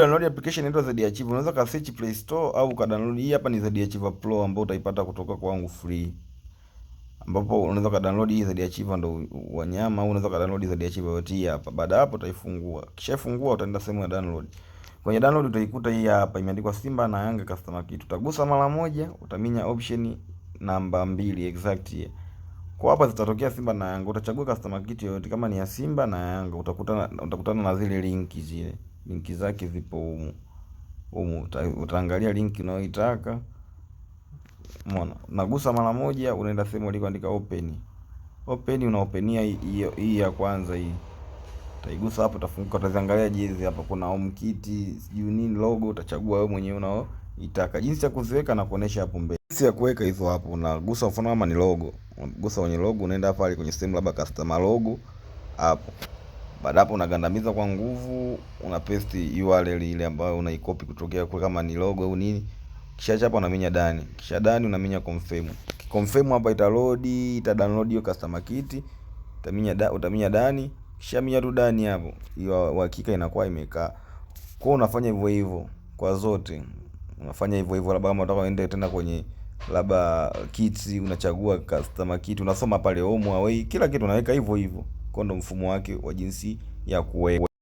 Download application inaitwa ZArchive. Unaweza ka search Play Store au ka download. Hii hapa ni ZArchive Pro ambayo utaipata kutoka kwangu free. Ambapo unaweza ka download hii ZArchive ndio wanyama au unaweza ka download ZArchive yote hapa. Baada hapo utaifungua. Kisha ifungua utaenda sehemu ya download. Kwenye download utaikuta hii hapa imeandikwa Simba na Yanga Customer Kit. Utagusa mara moja, utaminya option namba mbili exact. Kwa hapa zitatokea Simba na Yanga. Utachagua Customer Kit yoyote kama ni ya Simba na Yanga utakutana utakutana na zile linki zile linki zake zipo humu humu, utaangalia linki unayoitaka. Umeona, nagusa mara moja, unaenda sehemu ulikoandika open open, unaopenia hii ya kwanza hii, utaigusa hapo, utafunguka, utaziangalia jezi hapa, kuna home kit, sijui nini, logo, utachagua wewe mwenyewe unaoitaka jinsi ya kuziweka na kuonesha hapo mbele, jinsi ya kuweka hizo hapo. Unagusa mfano kama ni logo, unagusa kwenye logo, unaenda pale kwenye sehemu labda customer logo hapo. Baada hapo unagandamiza kwa nguvu, una paste URL ile ambayo unaikopi kutokea kule, kama ni logo au nini. Kisha hapo unaminya dani, kisha dani unaminya confirm. Confirm hapa ita load, ita download hiyo customer kit, utaminya da, utaminya dani, kisha minya tu dani hapo, hiyo uhakika inakuwa imekaa. Kwa unafanya hivyo hivyo kwa zote, unafanya hivyo hivyo, labda kama unataka uende tena kwenye labda kits, unachagua customer kit, unasoma pale home away, kila kitu unaweka hivyo hivyo kondo ndo mfumo wake wa jinsi ya kuweka.